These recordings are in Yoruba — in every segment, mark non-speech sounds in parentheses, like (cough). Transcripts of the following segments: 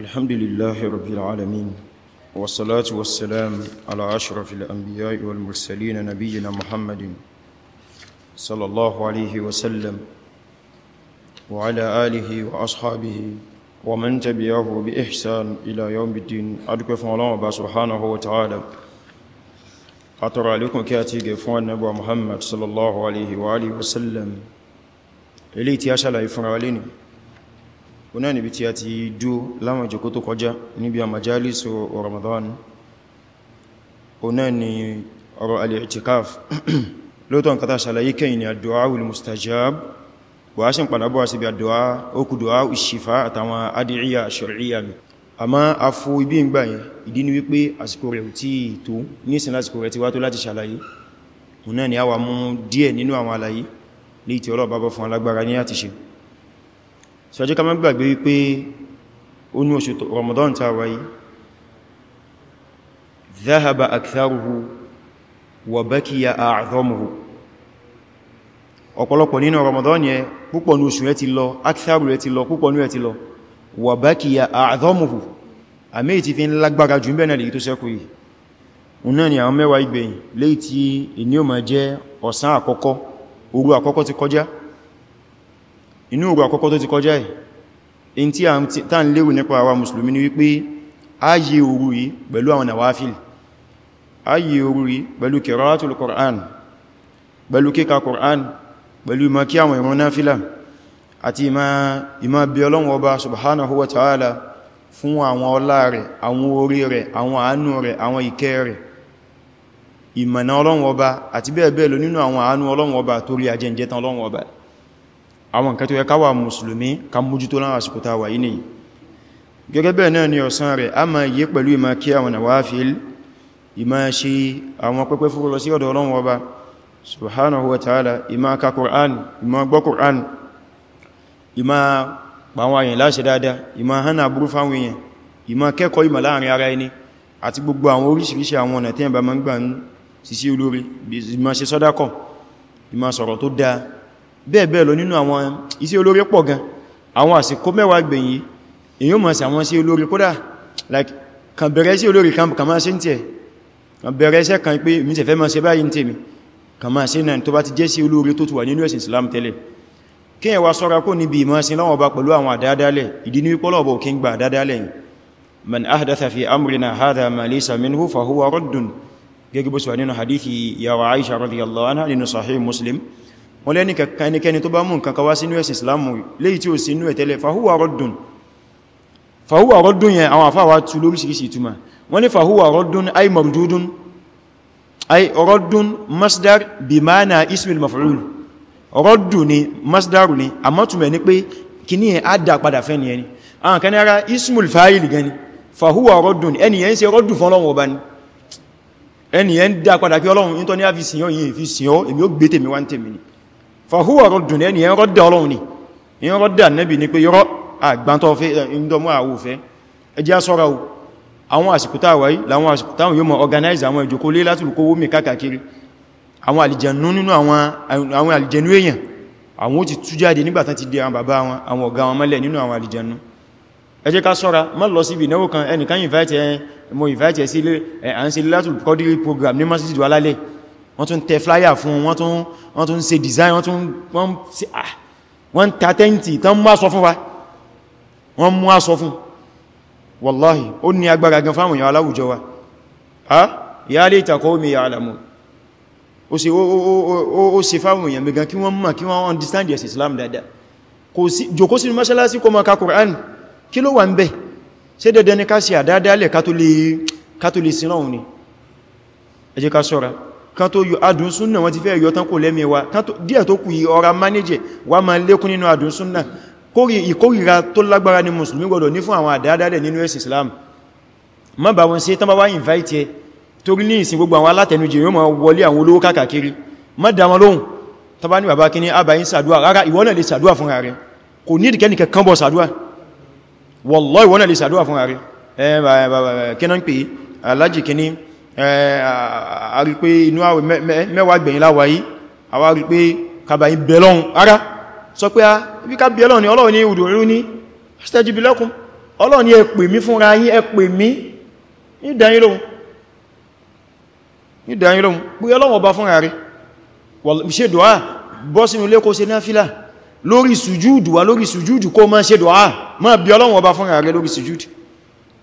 الحمد لله رب العالمين والصلاة والسلام على أشرف الأنبياء والمرسلين نبينا محمد صلى الله عليه وسلم وعلى آله وأصحابه ومن تبعه بإحسان إلى يوم الدين أدكف الله سبحانه وتعالى أترى عليكم كاتي فوان نبو محمد صلى الله عليه وآله وسلم إليتي أشعر إفراليني náà níbi tí a ti lama láwọn ìjọkó tó kọjá níbi a majalisu Ramadan o náà ni ọ̀rọ̀ al-i'tikaf (clears throat) lóòtọ́ nǹkan tàà ṣàlàyé kẹ́yìn ni àdúwà al-mustajab wà á ṣe ń padà bọ́ sí bí àdúwà ókù dúwà ìṣìfà àtàwọn adìríyà ṣọ̀ríyà ibi ń gbáyìn ìdí ni wípé àsìkò rẹ̀ tí tó nísìn lásìkò rẹ̀ ti wá tó láti ṣàlàyé òun ni a wà mú díẹ̀ nínú àwọn àlàyé léè tí ọlọ́ọ̀bá bọ́ fún alágbára ní àti so ẹjọ́ ká má gbàgbé wípé ó ní oṣù Ramadan ta wáyé zahaba aktharuhu wa bakiya a'dhamuhu ọ̀pọ̀lọpọ̀ nínú Ramadan yẹ púpọ̀ ní oṣù rẹ̀ ti lọ aktharu rẹ̀ ti lọ púpọ̀ ní rẹ̀ ti lọ wa bakiya a'dhamuhu àmì ìtí fi ń lágbára jù bẹ́ẹ̀ inú ògbà àkọ́kọ́ tó ti kọjá ẹ̀ in tí a tán léwu nípa àwa mùsùlùmí ni wípé ayé òru yìí pẹ̀lú àwọn nawafil ayé òru yìí pẹ̀lú kẹrọ́tùl Qur'an pẹ̀lú kíka Qur'an pẹ̀lú ìmọ̀ kí àwọn ìrun náfílà àti ìmọ̀ bí Ọlọ́hun Ọba subhanahu wa ta'ala fún àwọn ọlá rẹ̀ àwọn orí rẹ̀ àwọn àánú rẹ̀ àwọn ìkẹ́ rẹ̀ ìmọ̀nà Ọlọ́hun Ọba àti bẹ́ẹ̀ bẹ́ẹ̀ lọ nínú àwọn àánú Ọlọ́hun Ọba torí ajẹ́ǹjẹ́ tán Ọlọ́hun Ọba àwọn nǹkan tó yẹ káwà mùsùlùmí ká mójútó láwọn àsìkò tá wà yìí nìyí gẹ́gẹ́ bẹ́ẹ̀ náà ni ọ̀sán rẹ̀ a máa yí pẹ̀lú ìmá kí àwọn nàwáfíìl ìmá ṣe àwọn pẹ́pẹ́ fúrú lọ sí ọ̀dọ̀ Ọlọ́run ọba subhanahu wa ta'ala ìmá Qur'an ìmá Qur'an ìmá pàwọn àyìn láṣẹ dáadáa ìmá hana burú fáwọn èèyàn ìmá kẹ́kọ̀ọ́ ìmá láàrin ara ẹni àti gbogbo àwọn sisi olóri ìmá ṣe sọ́dákọ̀ ìmá sọ̀rọ̀ tó dáa bẹ́ẹ̀bẹ́ẹ̀ lọ nínú àwọn iṣẹ́ olórí pọ̀ gan àwọn àsìkò mẹ́wàá gbẹ̀yìn èyàn mọ̀ sí àwọn iṣẹ́ olórí kódà like kan bẹ̀rẹ̀ iṣẹ́ olórí kan kàn máa ṣe ń tẹ̀ kan bẹ̀rẹ̀ iṣẹ́ kan pé mi tẹ̀fẹ́ máa ṣe báyìí ń tèmi kan máa náà tó bá ti jẹ́ sí olórí tó ti nínú ẹ̀sìn Islam tẹ́lẹ̀ kí ẹ̀wà sọ́ra kó níbi ìmọ̀ sí láwọn ọba pẹ̀lú àwọn àdádálẹ̀ ìdí ní wípọ́lọ̀ ọba òkín gba àdádálẹ̀ yìí man ahdatha fi amrina hadha ma laysa minhu fa huwa raddun gẹ́gẹ́ bó sì nínú hadithi yawa Aisha radiyallahu anha nínú sahih Muslim wọ́n lẹ́ni ẹnikẹni tó bá mú nǹkan kawá sínú ẹ̀sìn islamu léyìí tí ó sínú ẹ̀ tẹ́lẹ̀ fàhúwà rọ́dùn fàhúwà rọ́dùn yẹn àwọn àfáwà tú lóríṣiríṣi ìtumà wọ́n ní fàhúwà rọ́dùn ay mọ̀rọ̀dùn ay rọ́dùn masdar bí máa na ismail maf'ul rọ́dùn ni masdar ni a mọ́túnmẹ̀ ní pé kìní yẹn á dà padà fẹ́ ni ẹni àwọn kan yẹn ṣe padà kí ọlọ́run ní tọ́ ní àfi yìí fi sìn èmi ó gbé tèmi wá ń tèmi ni fàhúwà rọ̀dùn ni ẹn rọ́dà nẹ́bì ní pé yọ́rọ̀ àgbántọ́fẹ́ ìndọmọ́ àwòfẹ́ ẹjẹ́ sọ́ra o àwọn àsìkútà wáyí láwọn àsìkútà yóò mọ̀ organize àwọn ìjòkó lé láti lùkówó mi káàkiri àwọn àlìjẹ̀nú nínú àwọn àlìjẹ̀nú èèyàn àwọn ó ti tú jáde nígbàtà ti di àwọn bàbá wọn àwọn ọ̀gá wọn mẹ́lẹ̀ nínú àwọn àlìjẹ̀nú ẹ jẹ́ ká sọ́ra má program ní masjid alálẹ̀ wọ́n tún tẹ flyer fún wọ́n tún ṣe design wọ́n tún wọ́n ah, ta tẹ́ntì tán mú aṣọ fún wa wọ́n mú aṣọ fún wallahi ó ní agbára gan fáwọn ìyàwó aláwùjọ wa ha ya laita qaumi ya'lamun ó ṣe ó ṣe fáwọn èèyàn mẹ́gan kí wọ́n mọ̀ kí wọ́n understand yes Islam dada kò sí jòkó sínú mọ́ṣálásí kó ma ka Qur'an kí ló wà ń bẹ̀ ṣe dẹ̀dẹ̀ ní ká sí àdádálẹ̀ ká tó lè sínú ọ̀hún ni ẹ jẹ́ ká ṣọ́ra kan tó yọ adùn súnnà wọ́n ti fẹ́ yọ tán kò lẹ́mẹ́wà díẹ̀ tó kù ọ̀rá mánéjẹ̀ wà máa lékún nínú adùn súnnà ìkórìíra tó lágbára ni mùsùlùmí gbọdọ̀ ní fún àwọn àdáadáa nínú ẹ̀sìn Islam má bá wọn ṣe tán bá wá invite ẹ torí ní ìsìn gbogbo àwọn alátẹnujẹ yóò máa wọlé àwọn olówó káàkiri má dá wọn lóhùn tó bá ní bàbá kí ní àbáyín sàdúwà rárá ìwọ náà lè sàdúwà fúnra rẹ kò ní a rí pé inú àwẹ̀ mẹ́wàá gbẹ̀yìn láwàáyí àwa rí pé kàbàyí bẹ̀lọ́un ara sọ pé a bí ká bẹ̀lọ́ ni ọlọ́run ní ìwùdó rú ní stajib lakum ọlọ́run ní ẹ pè mí fúnra yín ẹ pè mí ní ìdáyín lóhun pé ọlọ́run ọba fúnra rẹ̀ ṣe dùá bọ́ sínú ilé kó ṣe náfílà lórí sùjúdù wà lórí sùjúdù kó máa ṣe dùá máa bí ọlọ́run ọba fúnra rẹ̀ lórí sùjúdù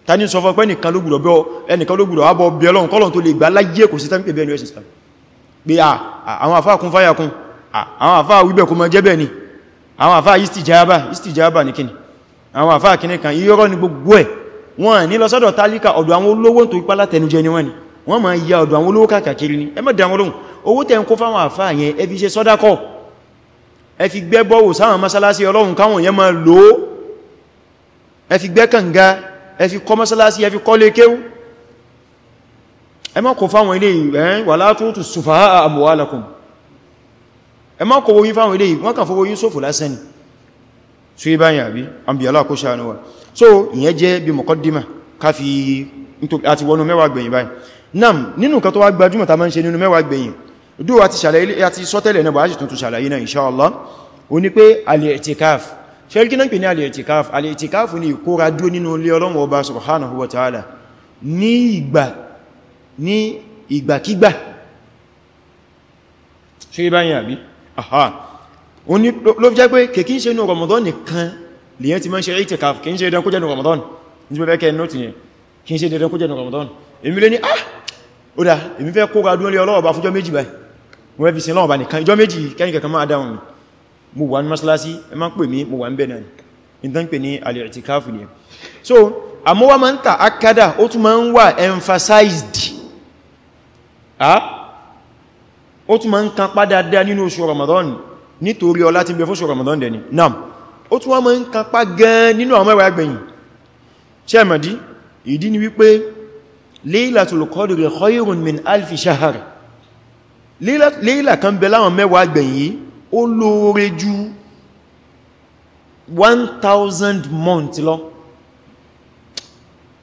ta ní sọ fún pé ẹnìkan ló gbùdọ̀ ẹnìkan ló gbùdọ̀ àbọ̀ bí ọlọ́run kọ́lọ̀ tó lè gbà láyé kò sí tán pé bẹ́ẹ̀ ni ẹ̀sìn Islam pé àwọn àfáà kún fáyà kún àwọn àfáà wíbẹ̀ kó mọ jẹ́ bẹ́ẹ̀ ni àwọn àfáà istijaba istijaba ní kíni àwọn àfáà ni gbogbo ẹ̀ wọ́n ní lọ sọ́dọ̀ tálíkà ọ̀dọ̀ àwọn olówó tó ipá látẹnujẹ ni wọ́n ni wọ́n máa ya ọ̀dọ̀ ni ẹ mọ́ dá wọn lóhùn owó tẹ́ ń kó fáwọn àfáà gbẹ́ bọ́wọ̀ sáwọn mọ́sálásí ọlọ́run káwọn yẹn máa lòó ẹ gbẹ́ kànga ẹ fi kọ́ mọ́sálásí ẹ fi kọ́ lé kéwú ẹ má kò fáwọn ilé ìwẹ̀ wà látútù sùfàá àmúwálàkùn ẹ má kò wó yín fáwọn ilé ìwọ́n kàn fowó yín sófò lásán ni so yí báyìí àbí àbíyàlá kó ṣàánú so ìyẹn jẹ́ bí mọ̀kọ́dímà káfí àti wọnú mẹ́wàá gbẹ̀yìn báyìí nam nínú kan tó wá gbajúmọ̀ ta máa ń ṣe nínú mẹ́wàá gbẹ̀yìn dúwà ti sọ́tẹ̀lẹ̀ náà bá ṣe tuntun ṣàlàyé náà inṣáàlá o ní ṣẹ́ríkí náà pè ní alìẹ̀tìkáf alìẹ̀tìkáf ní ìkóra dúó nínú ilé ọlọ́run ọba subhanahu wa ta'ala ní ìgbà ní ìgbàkígbà ṣe báyìí àbí aha o ní ló fi jẹ́ pé kèkí ṣe ní Ramadan nìkan lèyàn ti máa ṣe ìtìkáf kí ń ṣe ìdánkójẹ́ ní Ramadan ní pẹ́fẹ́ kẹ́ nótì yẹn kí ń ṣe ìdánkójẹ́ ní Ramadan èmi lé ní ah ó dá èmi fẹ́ kóra mo wà ní masalasi ẹ má pè mí mo wà ń bẹ̀ náà ìtàn pè ní al so àmọ́wà ma ń ta akada ó tún ma ń wà emphasized ó tún ma ń kan padà dá nínú oṣù Ramadan nítorí ọlá tí bẹ fún oṣù Ramadan dẹni nam ó tún wá ma ń kan pa gan nínú àwọn mẹ́wàá gbẹ̀yìn ó lóore ju 1000 month lọ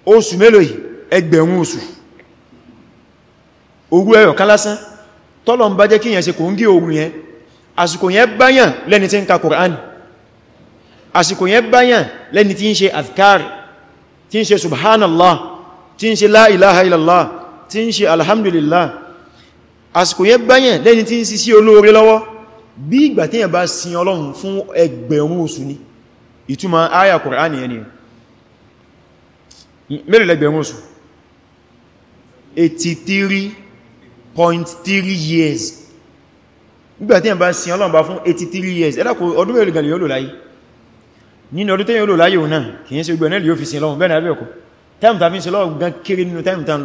oṣù mélòó yìí ẹgbẹ̀rún oṣù òru ẹ̀yọ̀ kan lásán tọ́lọ̀ ń bá jẹ́ kíyàn ṣe kò ń gí òru yẹn àsìkò yẹn báyàn lẹ́ni tí ń ka Kùránì àsìkò yẹn báyàn lẹ́ni tí ń ṣe azkar tí ń ṣe subhanallah tí ń ṣe la ilaha illallah tí ń ṣe alhamdulillah àsìkò yẹn báyàn lẹ́ni tí ń ṣiṣẹ́ olóore lọ́wọ́ bí ìgbà tí yẹn bá sin ọlọ́run fún ẹgbẹ̀rún oṣù ni ìtumọ̀ àyà Kùránì ẹni mélòó lẹ́gbẹ̀rún oṣù 83.3 years ìgbà tí yẹn bá sin ọlọ́run bá fún 83 years ẹ́dàkù ọdún mélòó gan yóò lò láyé nínú ọdún tẹ́yìn olò láyé òun náà kì í ṣe gbẹ̀rún yóò fi sin ọlọ́run bẹ́ẹ̀ náà bẹ́ẹ̀ kọ́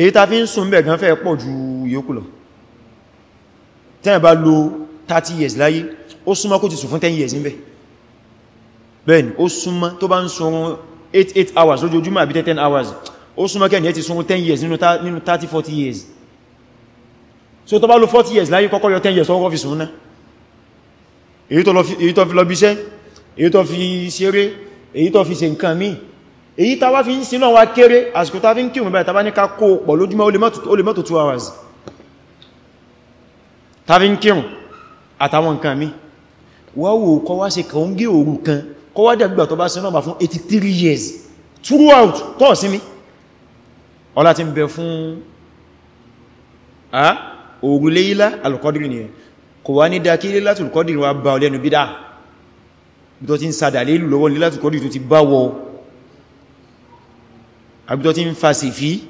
èyí ta fi ń sùn bẹ̀ gan fẹ́ pọ̀ ju yòókù lọ tẹ́yìn bá lo 30 years láyé ó súnmọ́ kó ti sùn fún 10 years ń bẹ̀ bẹ́ẹ̀ni ó súnmọ́ tó bá ń sùn 8 hours lójoojúmọ́ àbí 10 hours ó súnmọ́ kẹ́ni ẹ ti sùn 10 years nínú 30 40 years so tó bá lo 40 years láyé kọ́kọ́ yọ 10 years ọkọ́ fi sùn náà èyí tó fi lọ bí iṣẹ́ èyí tó fi ṣeré èyí tó fi ṣe nǹkan míì èyí ta wá fi ń sinú wa kéré àsìkò ta fi ń kírùn báyìí ta bá ní ká kó pọ̀ lójúmọ́ ó lè mọ́tò 2 hours ta fi ń kírùn àtàwọn nǹkan mi wá wò kọ́ wá ṣe kàún gé òru kan kọ́ wá dàgbà tó bá sí náà fún 83 years throughout tọ́ sí mi ọlá ti ń bẹ fún òrùlé ilá alùkọ́dìrì nìyẹn kò wá ní dákílé látùlùkọ́dìrì wa bá ọlẹ́nu bídá bí tó ti ń sadà lélù lọ́wọ́ ní látùlùkọ́dìrì tó ti bá wọ́ àbítọ́ tí ń fa sí fí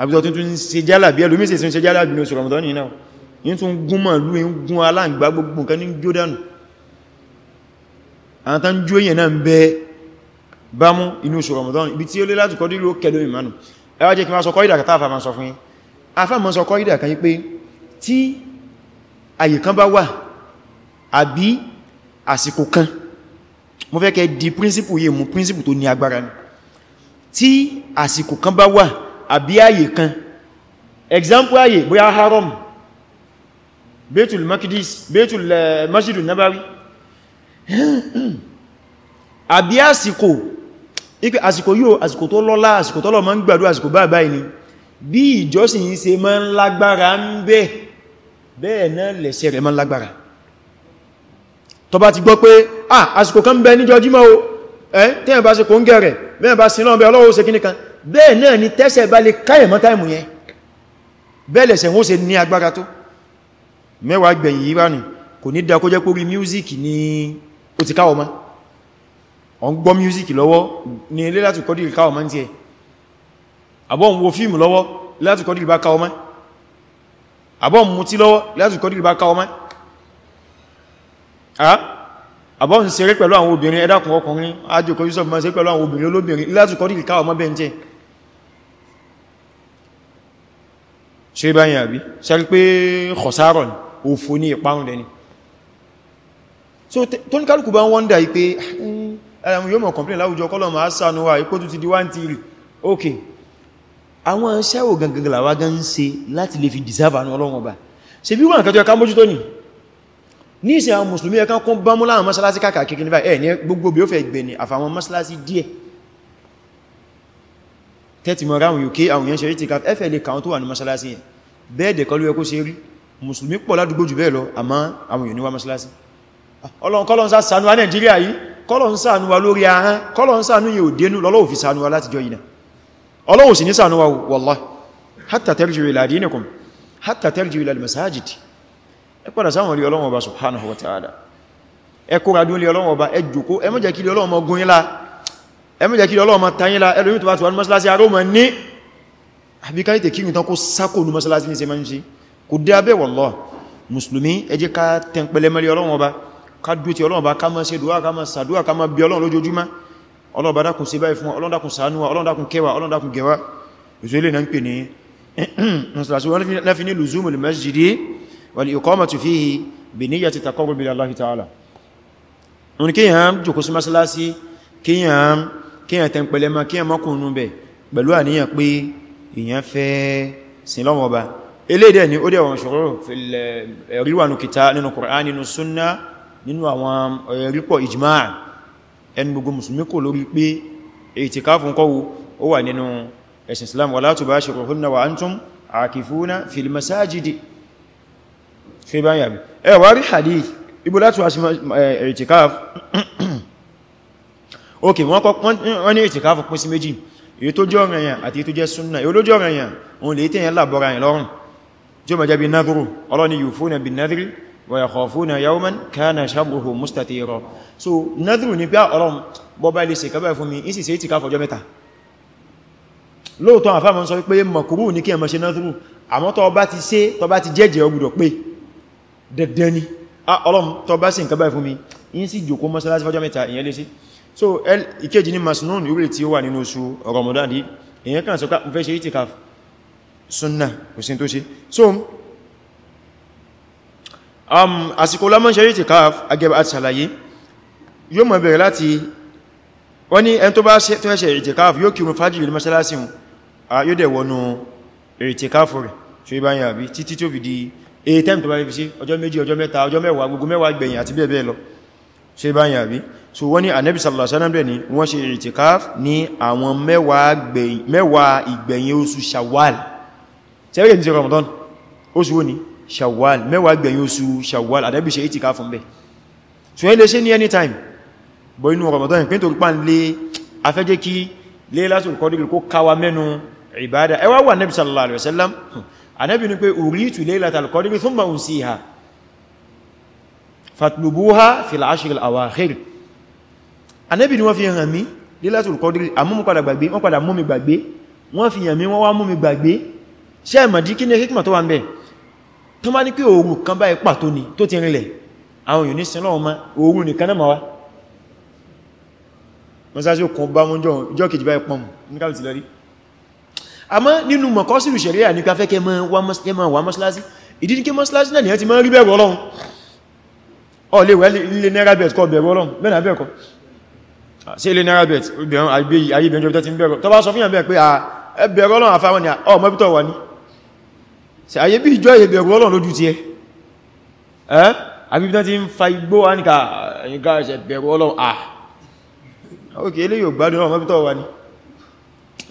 àbítọ́ tí ń ṣe jálà bí ẹlòmí ṣe ṣe jálà bí ní oṣù Ramadan ní náà yí tún gún mọ̀ lú ń gún aláǹgbá gbogbo nǹkan ní jódánù àwọn tán jó èyàn náà ń bẹ bá mú inú oṣù Ramadan ibi tí ó lé láti kọdí ló mo fẹ́ kẹ́ di príncipù yìí mú príncipù tó ní agbára ni tí àsìkò kan bá wà àbí ààyè kan example ààyè bóyá haram betul makidis betul eh, masjidun nabawi (clears throat) àbí àsìkò ipe àsìkò yóò àsìkò tó lọ́lá àsìkò tọ́lọ̀ máa ń gbàdúrà àsìkò bá báyìí ni bí ìjọsìn yìí ṣe máa ń lágbára ń bẹ́ bẹ́ẹ̀ náà lẹ̀ṣẹ̀ rẹ̀ máa ń lágbára tó ti gbọ́ pé ah àsìkò kan bẹ níjọ́ jímọ̀ o tẹ́yàn bá ṣe kò ń gẹ̀rẹ̀ bẹ́ẹ̀ bá sí lọ́nbẹ̀ ọlọ́wọ́ ṣe kíníkan bẹ́ẹ̀ náà ni tẹ́sẹ̀ bá lè káyẹ̀ mọ́ táìmù yẹn bẹ́ẹ̀lẹ̀ ṣe wọ́n ṣe ní agbára tó mẹ́wàá gbẹ̀yìn yíra nì music ni ó ti káwọ́ music lọ́wọ́ ni ilé láti kọ́dìrì káwọ́ mọ́ ti ẹ̀ àbọ̀ ń wo fíìmù lọ́wọ́ láti kọ́dìrì bá káwọ́ mọ́ àbọ̀ ń mutí lọ́wọ́ láti àbọ́sì ṣeré pẹ̀lú àwọn obìnrin ẹ̀dàkùn ọkùnrin ajòkó yusuf ma ṣe pẹ̀lú àwọn obìnrin olóbìnrin látùkọ́ dìkì káwọ mọ́ bẹ́ntẹ́ ṣe báyìí àbí ṣẹ́rí pé kọ̀sárọ̀ ní òfò ní ìparun lẹ́ni so tó ní kálùkù bá wọ́n dà pé ah, yóò mọ̀ kọ̀mplẹ̀ láwùjọ kọ́lọ̀ ma sànú wa ipò tún ti di wá ń tìrì ok àwọn ṣẹ́wò gangan làwá gan ń ṣe láti lè fi dìsáàbà ní ọlọ́run ọba ṣe bí wọ́n àkàtọ̀ ká mójútó nìí ní ìsẹ̀ àwọn mùsùlùmí ẹ̀kan kún bá múlá àwọn mọ́sálásí kàkàkiri ní báyìí ẹ̀ ní gbogbo bí ó fẹ́ gbẹ̀ ní àfàwọn mọ́sálásí díẹ̀ tẹ́tì mọ́ ráhùn UK àwọn yẹn ṣe rí ti ká ẹ́fẹ́ lè kàwọn tó wà ní mọ́sálásí yẹn bẹ́ẹ̀ dẹ̀ kọlu ẹkó ṣe rí mùsùlùmí pọ̀ ládùgbò jù bẹ́ẹ̀ lọ àmá àwọn èèyàn wá mọ́sálásí Ọlọ́run kọ́lọ́n sá ṣàánú wa Nàìjíríà hatta tarji'u ila dinikum hatta tarji'u ila al ẹ padà sáwọn ilé Ọlọ́run Ọba subhanahu wa ta'ala ẹ kóra dún ilé Ọlọ́run Ọba ẹ jòkó ẹ má jẹ́ kí ilé Ọlọ́run gun yín lá ẹ má jẹ́ kí ilé Ọlọ́run tayín lá ẹlòmí tó bá tuwa ní mọ́sálásí aró mọ́ ní àbíkáyí tẹ̀ kírùn tán kó sákò ní mọ́sálásí ní ṣe máa ń ṣe kò dé abẹ́ wallah mùsùlùmí ẹ jẹ́ ká tẹ̀pẹ̀lẹ̀ mẹ́lẹ̀ Ọlọ́run Ọba ká dú ti Ọlọ́run Ọba ká máa ṣe dùwà ká máa sàdúwà ká máa bí Ọlọ́run lójoojúmọ́ Ọlọ́run Ọba dákun ṣe báyìí fún Ọlọ́run dákun ṣàánú wa Ọlọ́run dákun kẹwàá Ọlọ́run dákun gẹwàá ìṣẹ́lẹ̀ náà ń pè ní mọ́sálásí wọn lẹ́fi ní lùzúmù lè masjidi wal-iqamatu fihi bi niyyati taqarrub ila Allah ta'ala wọn kí yàn jòkó sí masalasi kí yàn tẹ́ǹpẹ̀lẹ̀ ma kí yàn mọ́kùnrin bẹ̀ pẹ̀lú àníyàn pé èyàn fẹ́ sin lọ́wọ́ ọba eléèdẹ̀ ni ó dẹ̀ wọn ṣòro eh, ríwànú kìta nínú Qur'an nínú súnnà nínú àwọn eh, rípọ̀ ijma' ẹni gbogbo musulmi kò lórí pé ìtìkáfún kọwú ó wà nínú ẹ̀sìn Islam wala tubashiruhunna wa antum akifuna fil masajidi ṣe bá yàbí ẹ wà rí hadith ibo láti wá sí ìtìkáf eh, (clears throat) ok wọ́n ní ìtìkáf pín sí méjì èyí tó jẹ́ ọ̀ranyàn àti èyí tó jẹ́ súnnà èyí olójẹ́ ọ̀ranyàn òun lè tẹ́yẹn lábọ́ra yìn lọ́rùn jẹ́ mọ̀ jẹ́ bí so nadhru ni pé ah, ọlọ́run bọ́bá ilé ṣe fún mi ìsì ṣe ìtìkáf ọjọ́ mẹ́ta lóòtọ́ àfáàmọ́ sọ pé mọ̀kúrú ní kí ẹmọ̀ ṣe nadhru àmọ́ tọ́ bá ti ṣe tọ́ bá ti jẹ́jẹ́ ọgbùdọ̀ pé dẹ̀dẹ̀ ni ah, ọlọ́m tó bá sí nǹkan báyìí fún mi yí sí jòkó mọ́sálásí fọ́jọ́ mẹ́ta ìyẹn lé sí so ìkéjì ní masnun ìwé tí ó wà nínú oṣù Ramadan di èyàn kan sọ́ká fẹ́ ṣe itikaf sunna kò sí tó ṣe so um, àsìkò lámọ́ ṣe itikaf agẹ́bẹ̀ àti ṣàlàyé yóò mọ̀ bẹ̀rẹ̀ láti wọ́n ní ẹni tó bá ṣe itikaf yóò kírun fájì lè mọ́sálásí ah, yóò dẹ̀ wọnú itikaf rẹ̀ ṣe báyìí àbí títí tó fi di èyí tẹ́m tó bá fi sí ọjọ́ méjì ọjọ́ mẹ́ta ọjọ́ mẹ́wàá gbogbo mẹ́wàá gbẹ̀yìn àti bẹ́ẹ̀ bẹ́ẹ̀ lọ ṣe bá yà bí so wọ́n ní Ànábì ni alaihi wasallam ní wọ́n ṣe ìtìkáf ní àwọn mẹ́wàá ìgbẹ̀yìn oṣù Shawwal tẹ́rẹ̀ Ramadan oṣù wo ni Shawwal mẹ́wàá ìgbẹ̀yìn oṣù Shawwal Ànábì so yẹn lè anytime bọ́ inú Ramadan pín tó pán lé afẹ́jẹ́ kí Laylatul Qadr kó káwa mẹ́nu ìbádà ẹwà wà Ànábì Ànábì ní pé uritu laylatal qadri thumma unsiha fatlubuha fil ashr al awakhir Ànábì ní wọ́n fi hàn mí laylatul qadri amumu padà gbàgbé wọ́n padà mú mi gbàgbé wọ́n fi hàn mí wọ́n wá mú mi gbàgbé ṣé mo di kíni hikma tó wà ńbẹ̀ tó ma ní pé òru kan báyìí pàtó ni tó ti rinlẹ̀ àwọn àmọ́ nínú mọ̀kọ́sílù ṣẹ̀ríà ní pàfẹ́ kẹ ma wà mọ́sílásí ìdí ní kí mọ́sílásí náà ni ẹ ti máa rí bẹ̀rù Ọlọ́run ọ lè wẹ́ ilé náírà bẹ̀t kọ bẹ̀rù Ọlọ́run mẹ́nà bẹ̀ẹ̀kọ́ sí ilé náírà bẹ̀t ayébẹ̀ẹ̀jọ́ ok ele yóò gbádùn ọmọ ibi tó wà ní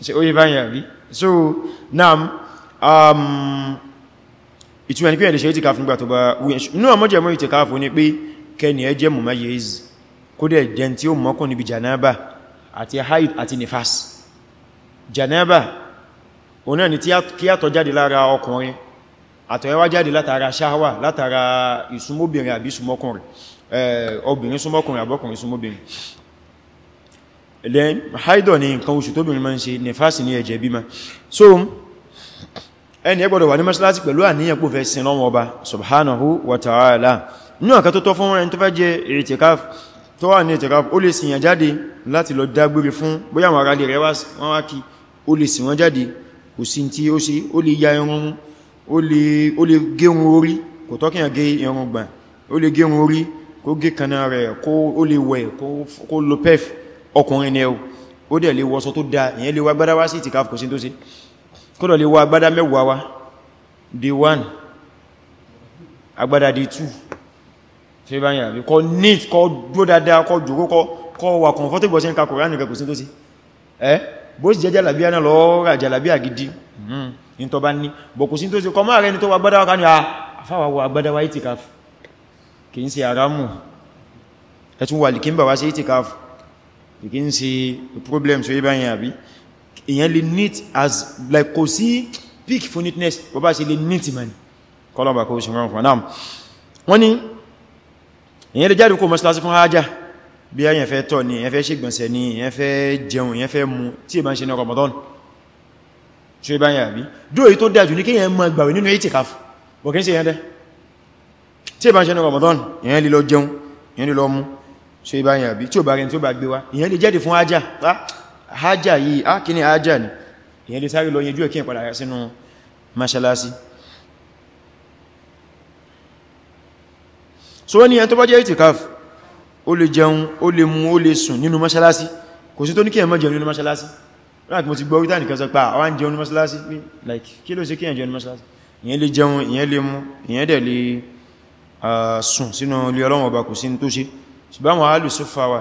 ṣe ó yé báyìí àbí so naam um, ìtumẹ̀ ní pé ẹ̀lẹ́ṣẹ́ ìtìkáfù nígbà tó bá wúyẹn náà mọ́jẹ̀ mọ́ ìtìkáfù ní pé kẹni ẹ jẹ́ mumayyiz kó dẹ̀ jẹ́ tí ó mọ́kún níbi janaba àti haid àti nifas janaba o náà ni kí àtọ̀ jáde lára ọkùnrin àtọ̀ ẹwà jáde látara ṣáhwà látara ìsúnmọ́bìnrin àbí ìsúnmọ́kùnrin obìnrin súnmọ́kùnrin àbọ́kùnrin súnmọ́bìnrin then haidọ̀ ni nǹkan oṣù tóbìnrin ma ń ṣe nefasi ní ẹ̀jẹ̀ bímá so ẹni ẹ gbọ́dọ̀ wà ní mọ́sálásí pẹ̀lú àníyàn pò fẹ́ sin lọ́wọ́ ọba subhanahu wa ta'ala ní ọ̀kan tó tọ́ fún ẹni tó fẹ́ jẹ ìtìkáf tó wà ní ìtìkáf ó lè sìn yàn jáde láti lọ dágbére fún bóyá àwọn aráàlẹ̀ rẹ̀ wọ́n wá kí ó lè sìn wọ́n jáde kò sí tí ó ṣe ó lè ya irun ó lè gé irun orí kò tọ́kìyàn gé irun gbà ó lè gé irun orí kó gé kanáà rẹ̀ kó ó lè wẹ̀ kó lo pef ọkùnrin ni ẹwù O dẹ̀ lè wọ́sọ tó dáa ìyẹn lè wá gbádá wá sí ìtìkáfù kò sí tó sí kọ́dọ̀ lè wá agbádá mẹ́wàá wá day one agbádá day two tí ó bá àbí kọ́ neat kọ́ dó dáadáa kọ́ jòkó kọ́ wà comfortable sí ń ka Kùránì kò sí tó sí ẹ́ bó sì jẹ́ jàlàbíà náà lọ́ọ́ rà jàlàbíà gidi hmm, ní tọ́ bá ní bọ̀ kò sí tó sí kọ́ máa rẹni tó wà gbádá ah, wá sí ìtìkáfù kì ń ṣe problem so ibá yẹn àbí èyàn lè neat as like kò sí peak for neatness bọ́ bá ṣe lè neat man kọlọ̀bà kò ṣe rán fún náà wọ́n ni èyàn lè jáde kó mọ́sílásí fún hajjá bí i ẹ̀yàn fẹ́ tọ̀ ní ẹ̀yàn fẹ́ ṣègbọ̀nsẹ̀ ní ẹ̀yàn fẹ́ jẹun ẹ̀yàn fẹ́ mu tí ìbá ń ṣe ní Ramadan ṣe bá yà bí dó èyí tó dájú ní kí èyàn máa gbàwẹ̀ nínú itikaf bọ̀kí ń ṣe yẹn dẹ́ tí ìbá ń ṣe ní Ramadan èyàn lè lọ jẹun èyàn lè lọ mu so iba yẹn àbí tí ó bá rẹni tí ó bá gbé wá ìyẹn lè jẹ́dì fún ajá ajá ah, yìí á ah, kí ní ajá ni ìyẹn lè sáré lọ yẹjú ẹ̀kí ìpadà rẹ̀ sínú mọ́ṣálásí so wọ́n ni ẹni tó bá jẹ́ ìtìkáf ó lè jẹun ó lè mu ó lè sùn nínú mọ́ṣálásí kò sí tó ní kí ẹ má jẹun nínú mọ́ṣálásí láti mo ti gbọ́ oríta nìkan sọ pé àwọn jẹun ní mọ́ṣálásí like kí ló ṣe kí ẹ jẹun ní mọ́ṣálásí ìyẹn lè jẹun ìyẹn lè mu ìyẹn dẹ̀ lè ah, sùn sínú ilé Ọlọ́run ọba kò sí ní tó ṣe ṣùgbọ́n àwọn alùsùfàwà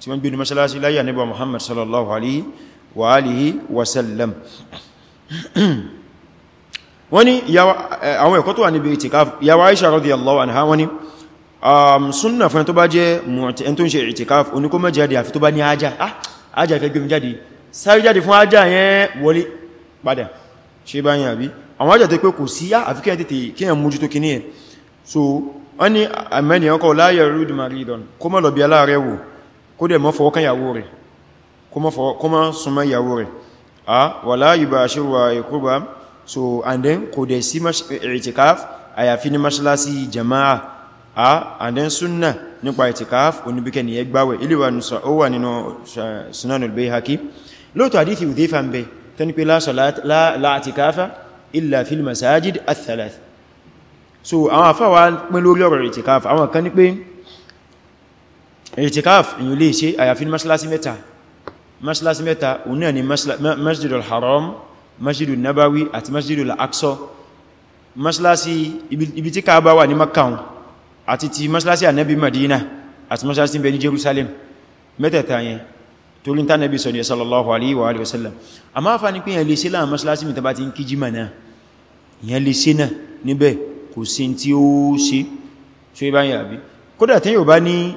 tí wọ́n gbínú mọ́ṣálásí láyé àníbà Muhammad sallallahu alaihi wa alihi wasallam wọ́n ni àwọn ẹ̀kọ́ tó wà níbi ìtìkáfù yàwó Aisha radiyallahu anha wọ́n ni um, súnnà fún ẹni tó bá jẹ́ ẹni tó ń ṣe ìtìkáfù oníkó má jáde àfi tó bá ní ájá ájá ah, fẹ́ gbẹ̀mí jáde sáré jáde fún ájá yẹn wọlé padà ṣe báyìí àbí àwọn ájá wọ́n ni àmẹ́ni ọkọ̀ láyẹ̀ rúdù maridon kó mọ́ lọ̀bí aláàrẹ wò kó dẹ̀ mọ́ fọwọ́kan yàwó rẹ̀ kó mọ́ súnmọ́ yàwó rẹ̀ a wà láyé bá ṣírò àìkúrbà so and then kò dẹ̀ sí ìtìkáf àyàfi ní mọ́ṣálásí jama'a a and then sunna nípa ìtìkáf oníbíkẹ́ ni ẹgbáwẹ̀ ilé wà nínú sunanul bayhaqi lóòtọ́ àdífì udhayfa ń bẹ tẹ́ni pé la salata la i'tikafa illa fil so àwọn àfáà wá pín lórí ọ̀rọ̀ itikaf àwọn kan ní pé itikaf èyàn lè ṣe àyàfi mọ́ṣíláṣí mẹ́ta mọ́ṣíláṣí mẹ́ta òun náà ni masjidul haram masjidul nabawi àti masjidul aqsa mọ́ṣíláṣí ibi tí Kaaba wà ní Makkah àti ti mọ́ṣíláṣí ànábì Madina àti mọ́ṣíláṣí bẹ ní Jerusalem mẹ́tẹ̀ẹ̀ta yẹn torí ta nabi sọ ni sallallahu alaihi wa alihi wasallam àmá fa ni pé yẹn lè ṣe láàrín mọ́ṣíláṣí mi tàbá ti ń kíjí mà yẹn lè ṣe náà níbẹ̀ kò sí tí ó ṣe ṣe bá yà bí kódà tí yóò bá ní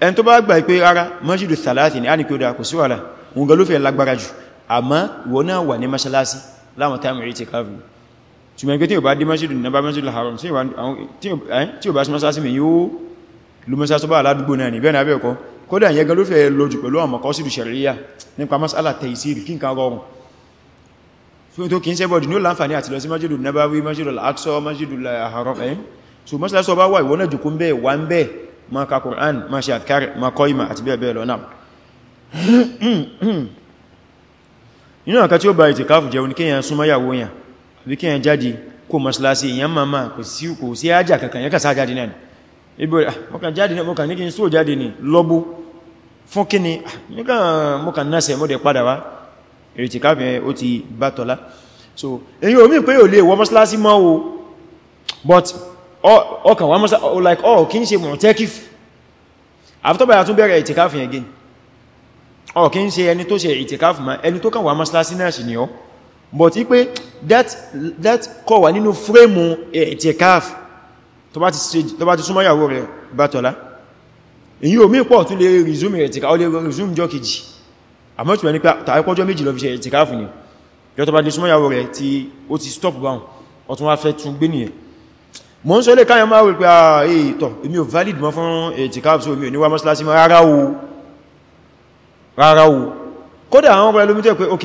ẹn tó bá gbà pé ara masjidu thalati ni a ní pé ó dá kò sí wàhálà òun ga ló fẹ́ lágbára jù àmọ́ wọ́n náà wà ní mọ́ṣálásí láwọn táàmù rí haram tí yóò bá sí mọ́ṣálásí mi yóò lú mọ́ṣálásí bá aládùgbò náà ní bẹ́ẹ̀ náà bẹ́ẹ̀ kọ́ kódà yẹn ga sharia nípa masala tẹ̀síìrì kí nǹkan rọrùn so to kin se body no lánfààní àti lọ sí masjidu nabawi masjidu al-aqsa masjidu al-haram eh so masla so ba wa ìwọ náà jukun be wa nbe ma ka ma ṣe adkar ma qoima àti bẹ́ẹ̀ bẹ́ẹ̀ lọ na you know kan tí ó bá itikafu jẹ́ oni kiyan suma yawo yan àbí kiyan jáde ko maslasi yan mama kò ni lobo ah, fún kíni ah mi kàn mo kàn nase padà wá ìrìtìkáàfì yẹn ó ti bá tọ́lá so èyí omi pé ò lè wọ mọ́sálásí mọ́ o but ọkàn wà mọ́sálásí like ọ kí n ṣe mọ̀tẹ́kif àfitọ́bàyà tún bẹ̀rẹ̀ ìtìkáàfì yẹn again ọ kí n ṣe ẹni tó ṣe ìtìkáàfì ma ẹni tó kàn wà mọ́sálásí náà sì ni ọ but wípé that that kò wà nínú fúrèmù ìtìkáàfì tó bá ti súnmọ́ ìyàwó rẹ̀ bá tọ́lá èyí omi pọ̀ tún lè resume ìtìkáàfì ó lè resume jọ àmọ́ tí wọ́n ní pé tàbíkọ́jọ́ méjì lọ fi ṣe ìtìkáàfù ni yọ́ tó bá dé súnmọ́yàwó rẹ̀ tí ó ti stop báhùn ọ̀tún wá fẹ́ tún gbé nìyẹn mọ́ ń sọ lè káyọ máa wí pé ààtọ̀ ah, eh, èmi ò valid mọ́ fún ìtìkáàfù so èmi ò ní wá mọ́sálásí mọ́ rárá o rárá o kódà àwọn ọmọ ẹlòmí tẹ́ pé ok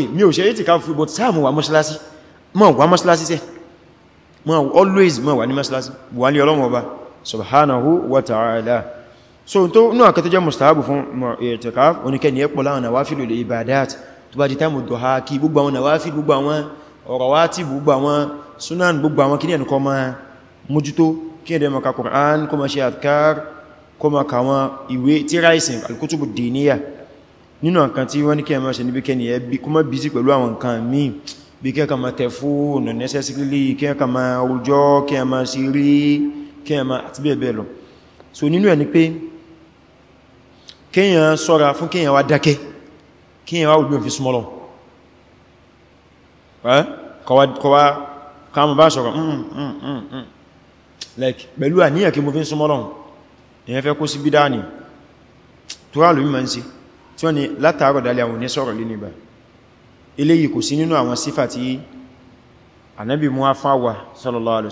but sáà mo wà mọ́sálásí mọ́ wà always mọ́ wà ní mọ́sálásí wà subhanahu wa ta'ala so to nu akan tó jẹ́ mustahabu fún i'tikaf oníkẹ́ni ẹ̀pọ̀ láwọn nawafilu lè ibadat tó bá di táìmù dọ̀ha kí gbogbo àwọn nawafil gbogbo àwọn ọ̀rọ̀wátì gbogbo àwọn sunan gbogbo àwọn kí ní ẹnukọ́ ma mójútó kí ẹ̀dẹ̀ maka Qur'an kó ma ṣe adkar kó ma ka wọn ìwé tí raisin alkutubu diniya nínú nǹkan tí wọ́n ní kí ẹ ma so nínú ẹ̀ pé kíyàn sọ́ra fún kíyàn wá dákẹ́ kíyàn wá gbogbo fi súnmọ́lọ kọwa kàmù bá sọ̀rọ̀ mm, mm, mm, like pẹ̀lú àníyàn kí mo fi súnmọ́lọ èyàn fẹ́ kó sí bídá ní tó rà sí tí wọ́n ni látàárọ̀ dalẹ̀ àwọn ní sọ̀rọ̀ lé níbà eléyìí kò sí nínú àwọn sífà tí anábì mú afá wa sallallahu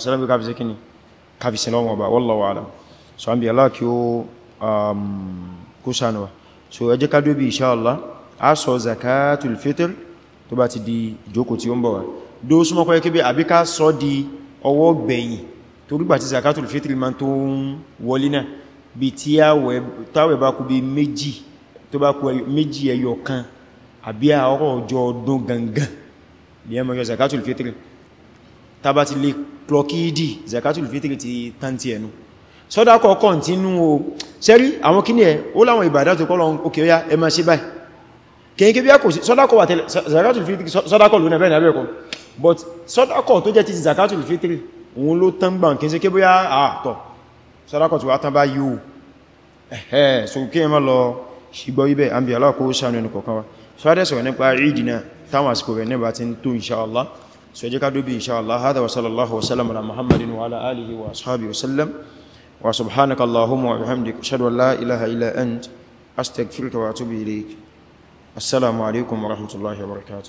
so an bí aláàkí kó so ẹ jẹ́ ká dóbi inshallah a sọ zakatul fitr tó bá ti di ìjókòó tí ó ń bọ̀ wá dó súnmọ́ kọ́ ẹkẹ́ bí àbí ká sọ di ọwọ́ gbẹ̀yìn torígbà tí zakatul fitr ma tó ń wọlé náà bí tí táwẹ̀ bá kú bí méjì tó bá kú méjì ẹyọ kan àbí àwọ́rọ̀ ọjọ́ ọdún gangan bí ẹmọ yọ zakatul fitr tá bá ti lè klọkídì zakatul fitr ti tán ti ẹnu sọ́dá kọ̀ọ̀kan tí nú o sẹ́rí àwọn kíní ẹ̀ ó láwọn ìbàdá tó kọ́lọ̀ òkè ọya ẹ ma ṣe báyìí kìí kí bí a kò sí sọ́dákọ̀ wà tẹ́lẹ̀ zakatul fitri sọ́dákọ̀ lónà bẹ́ẹ̀ nàbẹ́ẹ̀kọ́ but sọ́dákọ̀ tó jẹ́ ti zakatul fitri òun ló tán gbà kìí sí kí bóyá àtọ̀ sọ́dákọ̀ tí wà tán bá yíò ẹ̀ẹ́ so kí ẹ má lọ ṣìgbọ́ ibẹ̀ àmì aláàkó sànú ẹnu kọ̀kan wa so adẹ́ sọ̀rọ̀ nípa ìdínà táwọn àsìkò rẹ̀ nígbà ti ń tó inṣáàlá so jẹ́ ká dóbi inṣáàlá hádà wa sallallahu wa sallam ala muhammadin wa ala alihi wa ashabi wa sallam وسبحانك اللهم وبحمدك أشهد أن لا إله إلا أنت أستغفرك وأتوب إليك السلام عليكم ورحمة الله وبركاته